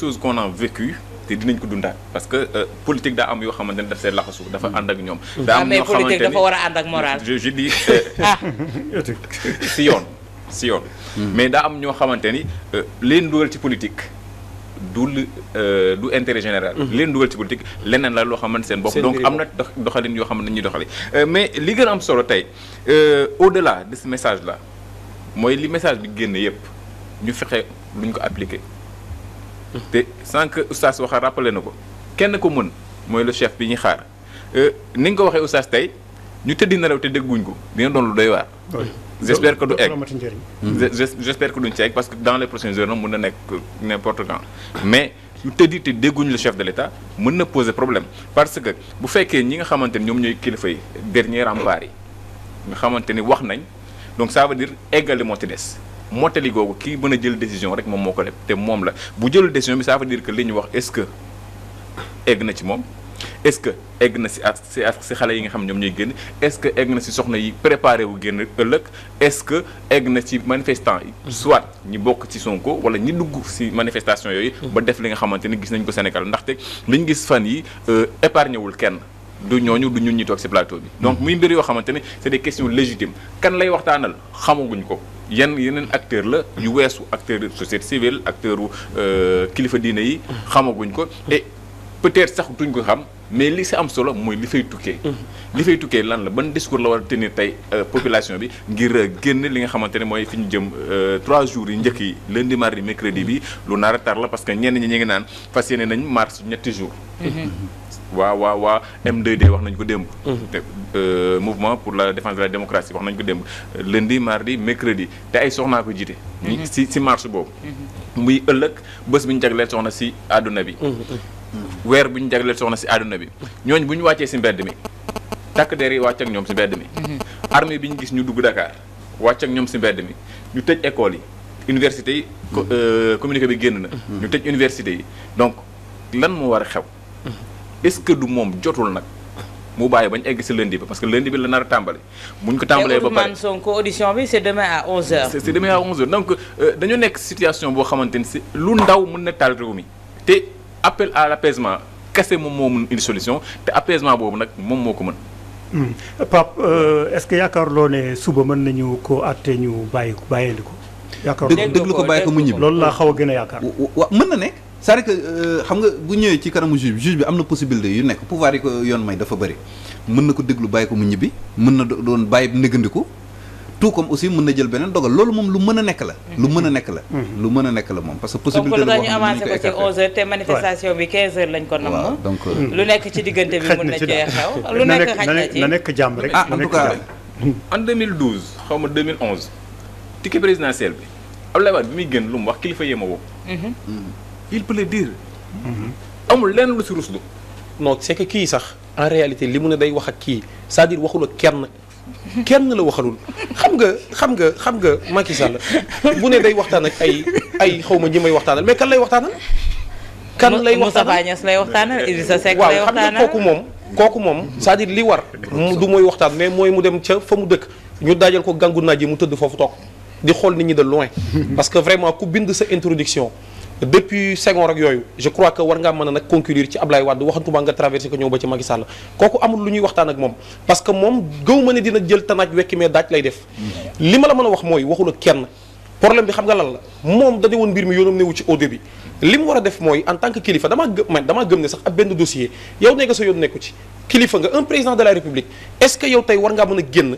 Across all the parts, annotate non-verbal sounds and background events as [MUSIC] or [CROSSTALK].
choses qu'on a vécu te dinañ ko dundaat parce que euh, politique daa am yoo xamante ne daf seen laxasu dafa mm. ànd ak ñoom. Mm. daa am ah, ñoo xamante ne a ànd ak moral. [LAUGHS] Ah. [LAUGHS] si yoon si yoon. Mm. mais daa am ñoo xamante ni euh, leen dugal ci politique. du euh, du intérêt général. Mm-hmm. leen dugal ci politique leneen la loo xamante seen bopp. donc am na doxalin yoo xam ne ñuy doxali euh, mais li gën a am solo tey au-delà de ce message là mooy li message bi génne yëpp ñu fexe luñ ko appliquer. te sànq oustaz a rappelé na ko kenn ko mën mooy le chef bi ñuy xaar euh, ni nga ko waxee oustaz tey ñu tëddi nelaw te dégguñ ko dina doon lu doy waar. j'espère que du egg j'espère que duñ ci egg parce que dans les prochaines heures mun na nekk n'importe quand mais ñu tëddi te dégguñ le chef de l'État mën na poser problème parce que bu fekkee ñi nga xamante ni ñoom ñooy kilifa yi dernier rempart yi nga xamante ni wax nañ donc ça veut dire eggali moo ci des. mottali googu kii mën a jël décision rek moom moo ko def te moom la bu jël décision bi ça veut dire que li ñu wax que egg na ci moom est-ce que egg na si ak si ak si xale yi nga xam ñoom ñooy génn est-ce que egg na si soxna yi préparé wu génn ëllëg est-ce que egg na ci manifestant yi mm-hmm. soit ñi bokk ci Sonko wala ñi dugg si manifestation yooyu mm-hmm. ba def li nga xamante ni gis nañ ko Sénégal ndaxte li ñu gis fan yi euh, épargné wul kenn du ñooñu du ñun ñi toog si plateau bi mm-hmm. donc muy mbir yoo xamante ne c'est des questions légitimes kan lay waxtaanal xamaguñ ko yan yeneen acteur la yu weesu acteur société civile acteur euh, kilifa diine yi xamaguñ ko et peut-être sax duñ ko xam mais li si am solo mooy li fay tukkee. Mm-hmm. li fay tukkee lan la ban discours la war a tenir tey euh, population bi ngir euh, génn li nga xamante ne mooy fi ñu jëm euh, trois jours yi njëkk yi lundi mardi mercredi bi mm-hmm. lu nar a tar la parce que ñenn ñi ñu ngi naan fas yéene nañ mars ñetti jours. Mm-hmm. waa waa waa m wax nañ ko démb. mouvement pour la défense de la démocratie wax nañ ko démb lundi mardi mercredi te ay soxnaa ko jiite. si si marche boobu. muy ëllëg bés bu ñu soxna si àdduna bi. weer bu ñu jagleel soxna si àdduna bi ñooñ bu ñu wàccee si mbedd mi takk der yi wàcc ak ñoom si mbedd mi armée bi ñu gis ñu dugg Dakar wàcc ak ñoom si mbedd mi ñu tëj école yi université yi mm-hmm. euh, communiqué bi génn na mm-hmm. ñu tëj université yi donc lan moo war a xew mm-hmm. est-ce que du moom jotul nag mu bàyyi bañ egg si lundi bi parce que lundi bi la nar a tàmbali buñ ko tàmbalee ba pare Sonko audition bi c'est demain à 11 donc euh, dañu nekk situation boo xamante ni si lu ndaw mën na taal réew mi te appel à l' apaisement kese moom moo mën une solution te apaisement boobu nag moom moo ko mën. Hmm. Pape euh, est-ce que yaakaarloo ne suba mën nañu ko àtte ñu bàyyi ko bàyyandi ko. yaakaar déglu ko bàyyi ko mu ñibbi loolu laa xaw a gën a yaakaar. wa mën na nekk cest à xam nga bu ñëwee ci kanamu juge juge bi am na possibilité yu nekk pouvoir yi ko yoon may dafa bëri mën na ko déglu bàyyi ko mu ñibbi mën na doon bàyyi négandiku tout comme aussi mën na jël beneen dogal loolu moom lu mën a nekk la. lu mën a nekk la. Mm-hmm. a moom parce que possibilité la boo xam ne ñu ko ko ci 11h te manifestation bi 15h lañ ko namm. donc euh, lu nekk ci diggante bi [LAUGHS] mën na cee xew. [LAUGHS] lu nekk xaj na ci na nekk jàmm ah, [LAUGHS] bi muy gën lu mu wax kilifa yee woo. Mhm. Mm-hmm. Mm-hmm. amul lenn lu si ruslu. non c'est kii sax en réalité li mu ne day wax ak kii cest dire waxul kenn. kenn la waxalul xam nga xam nga xam nga Macky Sall bu ne day waxtaan ak ay ay xaw ma ñi may waxtaanal mais kan lay waxtaanal. kan lay waxtaanal Moustapha Niass lay waxtaanal Idrissa Seck lay waxtaanal waaw xam nga kooku moom. kooku moom cest à li war. du mooy waxtaan mais mooy mu dem ca fa mu dëkk ñu daajal ko gàngu naaj yi mu tëdd foofu toog di xool nit ñi de loin. parce que vraiment ku bind sa introduction. depuis Senghor ak yooyu je crois que war ngaa mën a nag concourir ci Ablaye Wade waxantuma nga traversé ko ñëw ba ci Macky Sall kooku amul lu ñuy waxtaan ak moom parce que moom gëw ne dina jël tanaaj wekki mais daaj lay def mhm. li ma la mën a wax mooy waxul ak kenn problème bi xam nga lan la moom dañu woon mbir mi yoonam newu ci au début li mu war a def mooy en tant que kilifa dama gëm man damaa gëm ne sax ab benn dossier yow ne nga sa yoon nekku ci kilifa nga un président de la ce que yow tey war ngaa mën a génn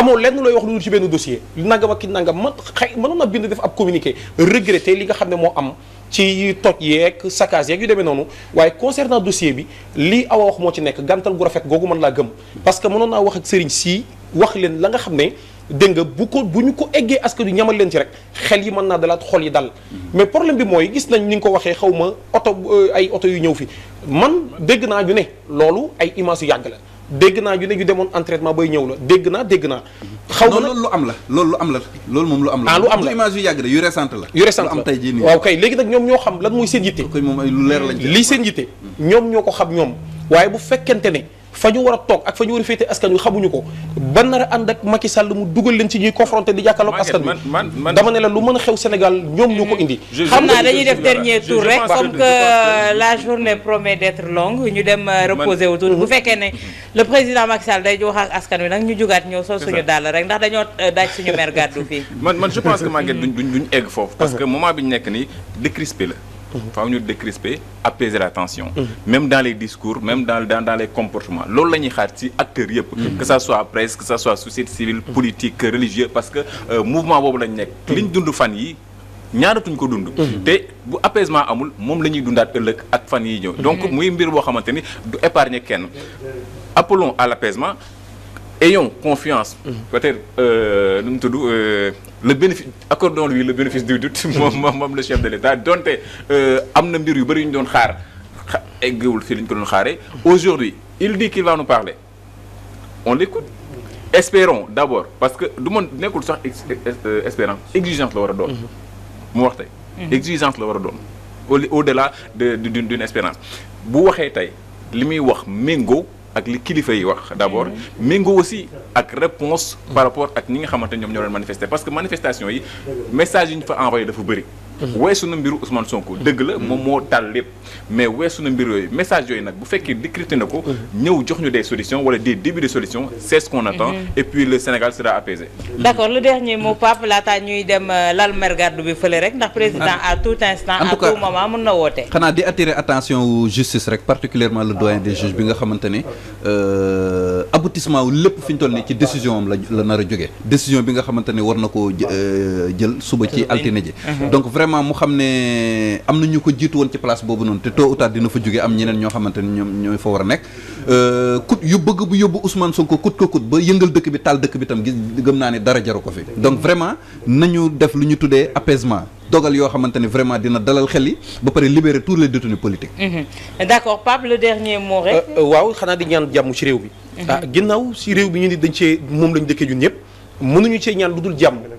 amoo lenn looy wax lu dul ci benn dossier nangam ak ki nangam man xëy mënoon na bind def ab communiqué regretter li nga xam ne moo am ci toj yeeg saccage yeeg yu demee noonu waaye concernant dossier bi lii awa wax moo ci nekk gàntal gu rafet googu mën laa gëm parce que mënoon naa wax ak sëriñ si wax leen la nga xam ne dégg nga bu ko bu ñu ko eggee askan wi ñamal leen ci rek xel yi mën naa dalaat xol yi dal mais problème bi mooy gis nañ ni nga ko waxee xaw ma oto ay oto yu ñëw fi man dégg naa ñu ne loolu ay image yu la dégg naa ñu ne ñu demoon entraînement bay ñëw la dégg naa dégg naa. xaw ma loolu lu am la loolu lu am la loolu moom lu am la. ah lu am la image yu yàgg de yu récente la. yu récente la lu am tey jii nii waaw kay léegi nag ñoom ñoo xam lan mooy seen yitte. kooku moom ay lu leer lañ. lii seen yitte ñoom ñoo ko xam ñoom waaye bu fekkente ne fa ñu war toog ak fa ñu war a féete askan wi xamuñu ko ba nar a ànd ak Macky Sall mu dugal leen ci ñuy confronté di jàkkaarloog askan wi dama ne la lu mën a xew Sénégal ñoom ñoo ko indi xam naa dañuy def dernier tour rek comme que la journée promet d'être longue ñu dem euh, reposer wu tuuti bu fekkee ne le président Macky Sall day wax ak askan wi nag ñu jugaat ñëw sol suñu dàll rek ndax dañoo euh, daaj suñu mer gàddu fii man man je pense que Maguette duñ duñ egg foofu parce que moment nekk nii décrispé la faaw ñu décrisper apaiser la tension mm-hmm. même dans les discours même dans dans, dans les comportements loolu la ñuy xaar ci acteurs yëpp mm-hmm. que ça soit presse que ça soit société civile mm-hmm. politique religieux parce que euh, mouvement boobu lañ nekk ñu dundu fan yi ñaaratuñ ko dund te bu apaisement amul moom la ñuy dundaat ëllëg ak fan yi ñëw donc muy mbir boo xamante ni du épargner kenn appelons à l'apaisement ayons confiance peut-être euh, nu mu tudd euh, le bénéfice accordons lui le bénéfice du doute [LAUGHS] moom moom moom le chef de l'État donte euh, am na mbir yu bëri yu ñu doon xaar eggewul fii li ñu ko doon xaaree aujourd'hui il dit qu'il va nous parler on l'écoute espérons d'abord parce que du ma nekkul sax euh, espérance exigence la war a doon mhm. mu wax tey mhm. exigence la war a doon au au delà de d'une espérance bu waxee tey li muy wax mingo ak li kilifa yi wax d'abord méngoo aussi ak réponse par rapport ak ñi nga xamante ñoom ñoo doon manifester parce que manifestation yi message yi ñu fa envoyé dafa bëri weesu na mbiru Ousmane Sonko dëgg la moom moo taal lépp mais weesu na mbir yooyu message yooyu nag bu fekkee décrypté na ko ñëw jox ñu des solutions wala des débuts de solutions c'est ce mhm. et puis le Sénégal sera apaisé d'accord le dernier mot Pape laata ñuy dem euh, lal mergaddu bi fële rek ndax président à tout instant à tout moment mën na woote xanaa di attirer attention wu justice rek particulièrement le doyen des juges bi nga xamante ne euh, aboutissement wu lépp fi ñu nii ci décision am la la nar a jógee décision bi nga xamante ne war na koo euh, jël suba ci altine ji mhm. vraiment mu xam ne am na ñu ko jiitu woon ci place boobu noonu te tôt ou tard dina fa jóge am ñeneen ñoo xamante ni ñoom ñooy fa war a nekk euh, kut yu bëgg bu yóbbu Ousmane Sonko kut ko kut ba yëngal dëkk bi taal dëkk bi tam gis gëm naa ne dara jaru ko fi donc vraiment nañu def lu ñu tuddee apaisement dogal yoo xamante vraiment dina dalal xel yi ba pare libérer tous les détenus politiques. Mm-hmm. d'accord Pape dernier mot rek. Euh, euh, waaw xanaa di ñaan jàmm ci réew bi mm-hmm. ah,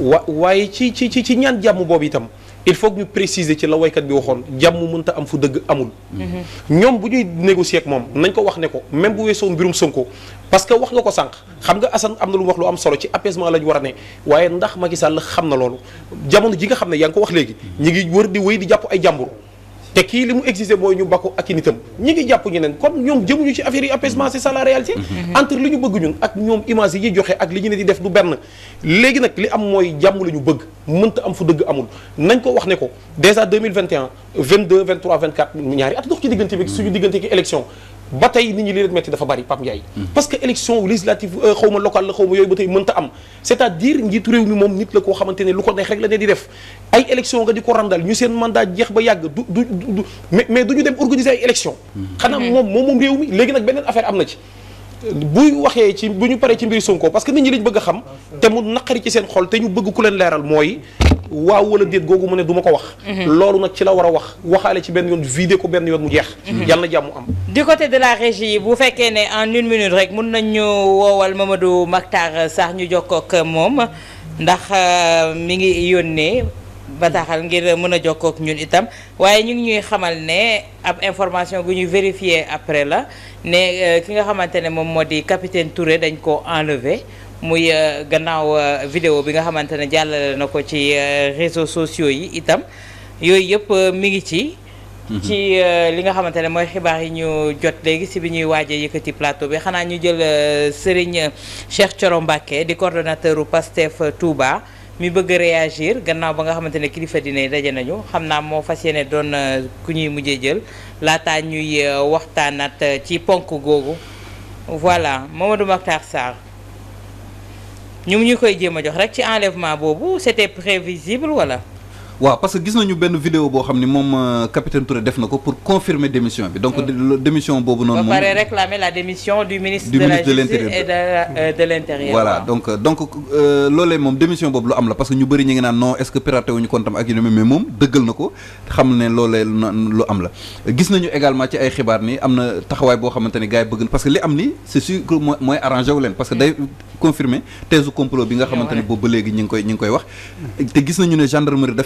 wa waaye ci ci ci ci ñaan jàmm boobu itam il faut ñu préciser ci la waykat bi waxoon jàmm mënta am fu dëgg amul. Mm-hmm. ñoom bu ñuy négocier ak moom nañ ko wax ne ko même bu weesoo mbirum Sonko parce que wax nga ko sànq xam nga Assane am na lu wax lu am solo ci apaisement lañ war a ne waaye ndax Macky Sall xam na loolu jamono ji nga xam ne yaa ngi ko wax léegi ñu ngi wër di wéy di jàpp ay jàmbur. te kii li mu exigé mooy ñu bakku ak i nitam ñi ngi jàpp ñu neen kon ñoom jëmuñu ci affaire yi apaisement c'est ça la réalité mhm. entre li ñu bëgg ñun ak ñoom image yi joxe ak li ñu ne di def du benn léegi nag li am mooy jàmm la ñu bëgg mënta am fu dëgg amul nañ ko wax ne ko déjà 2021 22 23 24 ñaari at dox ci diggante bi suñu diggante ki élection ba tey nit ñi li leen metti dafa bari Pape Ndiaye mm. parce que élection législative euh, xaw ma locale la xaw ma yooyu ba tey mënta am c'est-à-dire njiitu réew mi moom nit la koo xamante ne lu def ay élection nga di ko randal ñu seen mandat jeex ba yàgg du du mais du ñu dem organiser ay élection mm. xanaa mm-hmm. moom moom moom réew mi léegi nag beneen affaire am na ci buy waxee ci bu ñu paree ci mbiri Sonko parce que nit ñi liñ bëgg xam ah, te mu naqari ci seen xol te ñu bëgg ku leen leeral mooy waaw wala déet googu mu ne du ma ko wax mhm. loolu nag ci la war a wax waxaale ci benn yoon vidé ko benn yoon mu jeex mhm. Mhm. yàlla na jàmm am du côté de la régie bu fekkee ne en une minute rek mun nañu woowal Mamadou Mactar Sarr ñu jokkoo ak moom ndax euh, mi ngi yónnee bataaxal ngir mën a jokkoo ak ñun itam waaye ñu ngi ñuy xamal ne ab information gu ñu vérifier après la ne euh, ki nga xamante ne moom moo di capitaine Touré dañ ko enlever muy euh, gannaaw euh, vidéo bi nga xamante ne jàllale na ko ci euh, réseau sociaux yi itam yooyu yëpp mi ngi ci. Mhm. ci li nga xamante ne mooy xibaar yi ñu jot léegi si bi ñuy waajee yëkkati plateau bi xanaa ñu jël Serigne Cheikh Thioro Mbacké di coordonnateur u Pastef Touba mi bëgg réagir gannaaw ba nga xamante ne kilifa dina daje nañu xam naa moo fas yéene doon ku ñuy mujjee jël laata ñuy waxtaanaat ci ponk googu voilà Mamadou Makhtar Sarr. ñu ñu koy jéem a jox rek ci enlèvement boobu c'était prévisible wala. waaw parce que gis nañu benn vidéo boo xam ni moom euh, capitaine Touré def na ko pour confirmer démission bi donc mm. démission boobu noonu moom ba euh, euh, démission boobu lu am la parce que ñu bëri ñu ngi naan non est-ce que piraté wuñu kontam ak yu ne mais moom dëggal na ko xam ne loolee lu am la gis nañu également ci ay xibaar ni am na taxawaay boo xamante ni gars yi bëgg parce que li am ni c'est sûr que mooy arrangé wu leen parce que day mm. confirmer thèse complot bi nga xamante ngi koy ñi ngi koy wax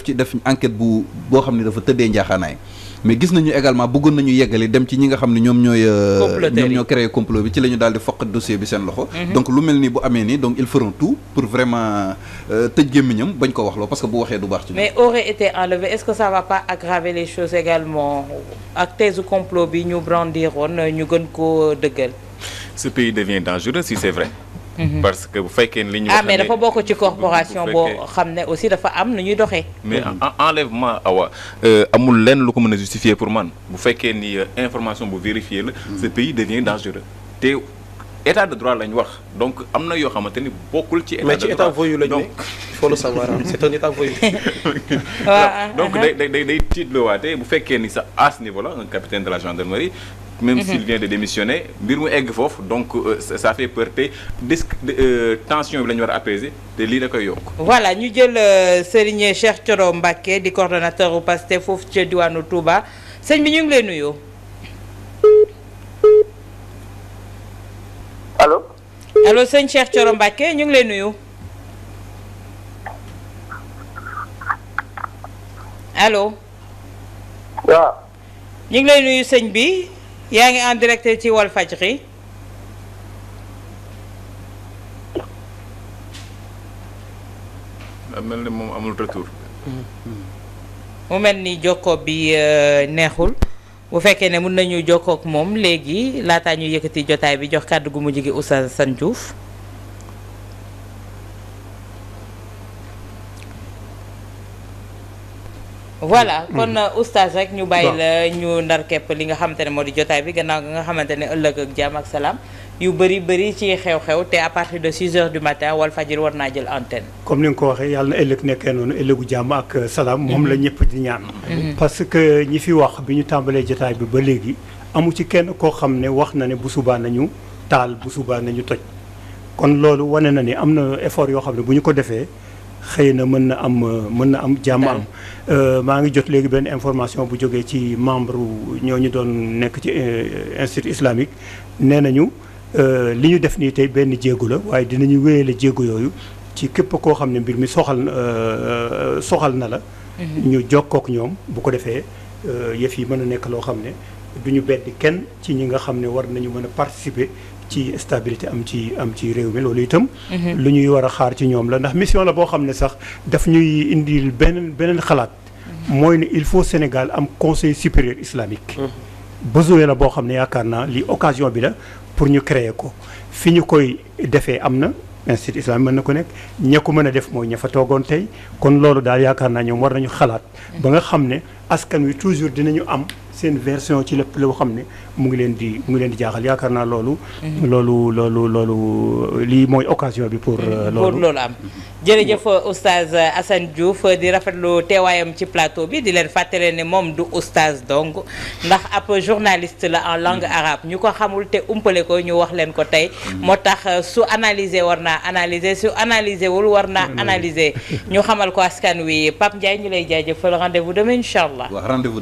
te def enquête bu boo xam ne dafa tëddee njaaxaanaay mais gis nañu également bëggoon nañu yeggali dem ci ñi nga xam ne ñoom ñooy euh, ñoom ñoo créé complot bi ci la ñu foq dossier bi seen loxo mhm. donc lu mel nii bu amee nii donc ils feront tout pour vraiment euh, tëj gémmiñam bañ ko wax loo parce que bu waxee du baax ci mais aurait été enlevé est-ce que ça va pas aggraver les choses également ak thèse complot bi ñu brandiroon ñu gën ko dëggal Mm-hmm. parce que bu fekkee ne li ñu. wax ah, mais dafa bokk ci corporation boo xam ne aussi dafa am nu ñuy doxee. mais enlèvement awa euh, amul lenn lu ko mën a justifier pour man bu fekkee ni euh, information bu vérifiée la. Mm-hmm. ce pays devient dangereux te. état de droit lañ wax donc am na yoo xamante ni bokkul ci. état de droit mais ci état voyou lañ ne il faut le savoir c'est un état [LAUGHS] [LAUGHS] ah, donc ah, day day day tiit la waate bu fekkee ni sa à ce niveau là un capitaine de la gendarmerie même mhm. s'il vient de démissionner mbir mu egg foofu donc euh, ça fait peur te disque euh, tension bi la war a te lii da koy yokk. voilà ñu jël euh, Serigne Cheikh Thioro Mbacké di coordonnateur u Pastef foofu ci diwaanu Touba sëñ bi ñu ngi lay nuyoo. allo. allo sëñ Cheikh Thioro Mbacké ñu ngi lay nuyu. allo. ñu ngi lay nuyu sëñ bi. yaa ngi en directeur ci Walfadjri mel ni moom amul retour. mu mel ni jokkoo bi euh, neexul bu fekkee ne mun nañu jokkoo moom léegi laataa ñu yëkkati jotaay bi jox kàddu gu mujj gi Oustaz Sane Diouf voilà mm. kon mm. Euh, oustaz rek ñu bàyyi la ñu ndar képp li nga xamante ne moo di jotaay bi gannaaw nga xamante ne ëllëg ak jàmm ak salaam yu bëri bëri ci xew-xew te à partir de 6 heures du matin wal fajir war naa jël antenne. comme ni nga ko waxee yàlla na ëllëg nekkee noonu ëllëgu jàmm ak salaam. moom la mm-hmm. ñëpp di ñaan. Mm-hmm. parce que ñi fi wax bi ñu tàmbalee jotaay bi ba léegi amu ci kenn koo xam ne wax na ne bu subaa nañu taal bu subaa nañu toj kon loolu wane na ni am na effort yoo xam ne bu ñu ko defee. xëy na mën na am mën na am jàmm am euh, maa ngi jot léegi benn information bu jógee ci membre ñoo ñu doon nekk ci euh, institut islamique nee nañu euh, li ñu def nii tey benn jéego la waaye dinañu wéyale jéego yooyu ci képp koo xam ne mbir mi soxal soxal na la mm-hmm. ñu jokkook ñoom bu ko defee yëf yi mën a nekk loo xam ne du ñu bedd kenn ci ñi nga xam ne war nañu mën a participer ci stabilité am ci am ci réew mi loolu itam. Mhm. lu ñuy war a xaar ci ñoom la ndax mission la boo xam ne sax daf ñuy indil beneen beneen xalaat. Mhm. mooy ne il faut Sénégal am conseil supérieur islamique. Mhm. besoin la boo xam ne yaakaar naa li occasion bi la pour ñu créer ko fi ñu koy defee am na. institut islamique mën na ko nekk ña ko mën a def mooy ña fa toogoon tey kon loolu daal yaakaar naa ñoom war nañu xalaat. ba nga xam ne askan wi toujours dinañu am. seen version ci lépp loo xam ne mu ngi leen di mu ngi leen di jaaxal yaakaar naa loolu. Mhm. loolu loolu loolu lii mooy occasion bi pour. Mhm. Euh, loolu pour loolu am. jërëjëf oustaz Assane Diouf di rafetlu teewaayam ci plateau bi di leen fàttale ne moom du oustaz dong ndax ab journaliste la en langue mhm. arabe ñu ko xamul te umpale ko ñu wax leen ko tey moo tax euh, su analyser war naa analyser su analyser wul war naa analyser [LAUGHS] ñu xamal ko askan wi Pape Ndiaye ñu lay jaajëfal rendez-vous rendez-vous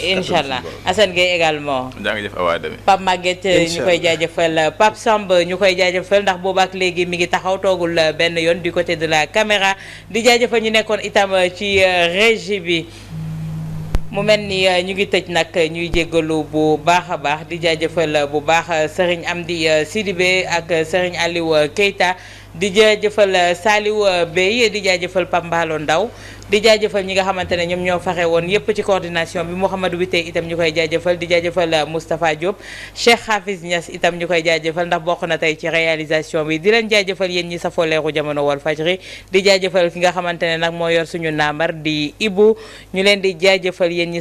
incha allah Assane Gueye également. jaajëf Awa Deme. ñu koy jaajëfal Pape Samb ñu koy jaajëfal ndax boobaak léegi mi ngi taxaw toogul euh, benn yoon du côté de la caméra di jaajëfal ñu nekkoon itam euh, ci euh, régie bi. mu mel ni ñu ngi tëj nag ñuy jéggalu bu baax a baax di jaajëfal bu baax sëriñ di Sidibé ak sëriñ Aliou Keita di jaajëfal Saliou Bey di jaajëfal Pambalo Ndaw di jaajëfal ñi nga xamante ne ñoom ñoo faxe woon yépp ci coordination bi Mouhamadou Wité itam ñu koy jaajëfal di jaajëfal euh, Moustapha Diop Cheikh Hafiz Niass itam ñu koy jaajëfal ndax bokk na tey ci réalisation bi di leen jaajëfal yéen ñi sa leeru jamono wal fajri di jaajëfal ki nga xamante ne nag moo yor suñu naamar di Ibou ñu leen di jaajëfal yéen ñi